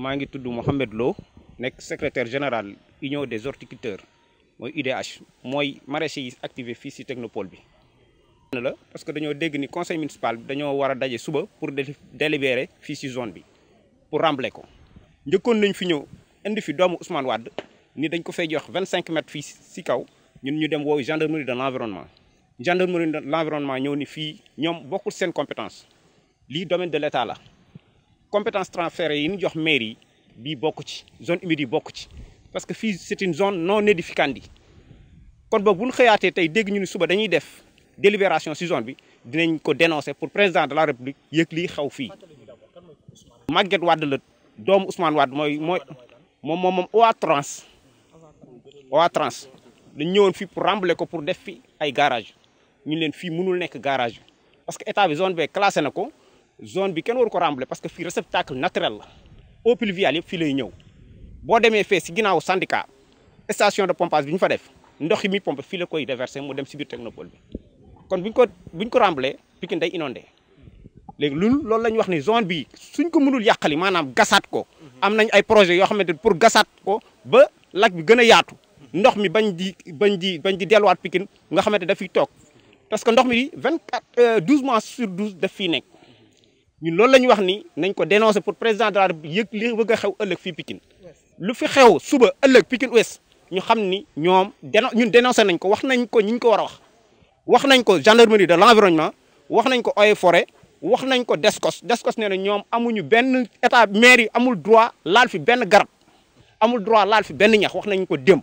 maa ngi tudd Mouhamed Lo nekk secrétaire général union des horticulteurs mooy UDH mooy maraîchers yi activé fii si technopole bi. la parce que dañoo dégg ni conseil municipal bi dañoo war a daje suba pour délibérer fii si zone bi pour rembler ko njëkkoon nañ fi ñëw indi fi doomu Ousmane Wade ni dañ ko fay jox vingt cinq fii si kaw ñu ñu dem woowu gendarmerie de l' environnement. gendarmerie de l' ñëw ni fii ñoom bokkul seen compétence lii domaine compétence transférée yi ñu jox maire yi bii bokk ci zone humide yi bokk ci parce que fii c'est une zone non aedificandi kon boobu bu ñu xëyaatee tey dégg ñu ni suba dañuy def délibération ci zone bi dinañ ko dénoncer pour président de la république yëg lii xaw fii Maguette Wade la doomu Ousmane Wade mooy mooy moom moom moom Oatrans Oatrans dañ ñëwoon fii pour rembler ko pour def fi ay garage ñu leen fii mënul nekk garage parce que état bi zone bee classé na ko zone bi kenn waru ko rembler parce que fii réceptacle naturel la eau pluviale yëpp fii lay ñëw boo demee fee si ginnaaw syndicat station de pompage bi ñu fa def ndox mi pompe fii la koy déverser mu dem si biir technopole bi kon ko buñ ko rembler Pikine day léegi loolu loolu la ñu wax ni zone bi suñ ko mënul yàqali maanaam gasaat ko am nañ ay yoo xamante pour gasaat ko ba lac gën a yaatu ndox mi bañ di bañ di bañ di delluwaat Pikine nga xamante dafiy toog parce que ndox mi 24 12 euh, mois sur 12 daf fiy nekk ñun loolu la ñu wax ni nañ ko dénoncer pour président de la République yëg li bëgg a xew ëllëg fii Pikine lu fi xew suba ëllëg Pikine Ouest ñu xam ni ñoom déno ñun dénoncé nañ ko wax nañ ko ñi ñu ko war a wax wax nañ ko gendarmerie de l'environnement wax nañ ko Eaux et wax nañ ko Descos Descos nee na ñoom amuñu benn état maire yi amul droit laal fi benn garab amul droit laal fi benn ñax wax nañ ko démb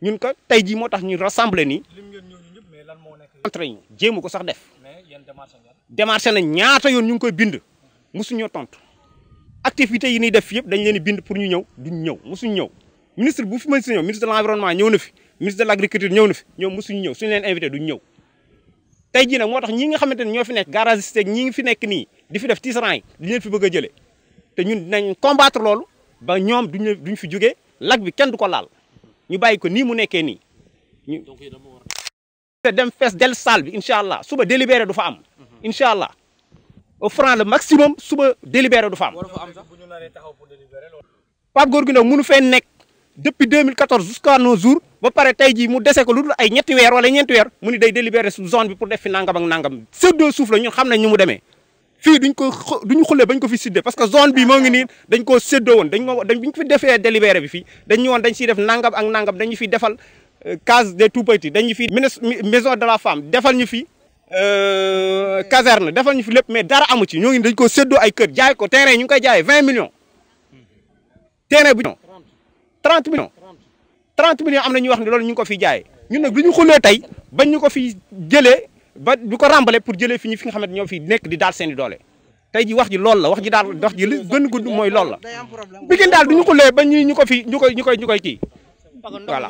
ñun ko tey jii moo tax ñu rassemblé ni entre ñu jéemu ko sax def démarché nañ ñaata yoon ñu ngi koy bind mosuñoo tontu activités yi ñuy def yëpp dañ leen di bind pour ñu ñëw duñ ñëw mosuñ ñëw ministre bu fi mën si ñëw ministre de l'environnement ñëw na fi ministre de l'agriculture ñëw na fi ñoom mosuñu ñëw suñu leen invité duñ ñëw tey jii moo tax ñi nga xamante ne ñoo fi nekk garagiste ak ñi ngi fi nekk nii di fi def tisserand di leen fi bëgg a te ñun dinañ combattre loolu ba ñoom duñ duñ fi jógee lac bi kenn du ko laal ñu bàyyi ko ni mu nekkee nii ñu te dem fees del salle bi incha allah suba délibéré du fa am. Mhm. incha allah au franc le maximum suba délibéré du fa am. Pape Gorgui Ndong mënu fee nekk depuis 2014 jusqu'à nos ba pare tey jii mu dese ko lu dul ay ñetti weer wala ñeenti weer mu ni day délibéré zone bi pour def fi nangam ak nangam séddoo suuf la ñun xam nañ ñu mu demee. fii duñ ko duñu xullee bañ ko fi séddee parce que zone bi moo ngi nii dañ koo séddoo woon dañ dañ bi defee délibéré bi fii dañ woon dañ siy def nangam ak nangam dañu fi defal case des tout petits dañu fi maison de la femme defal ñu fi euh, caserne defal ñu fi lépp mais dara amu ci ñoo ngi dañ ko séddoo ay kër jaay ko terrain ñu ngi koy jaayee vingt millions terrain bu trente millions trente millions am na ñuy wax ne loolu ñu ngi ko fi jaayee ñun nag lu ñu xullee tey ba ñu ko fi jëlee ba du ko rembale pour jëlee fi ñu fi nga xam ne ñoo fi nekk di daal seen i doole tey ji wax ji loolu la wax ji daal wax ji li gën mooy loolu la bi gën daal du ñu xullee ba ñu ñu ko fi ñu koy ñu koy ñu koy kii voilà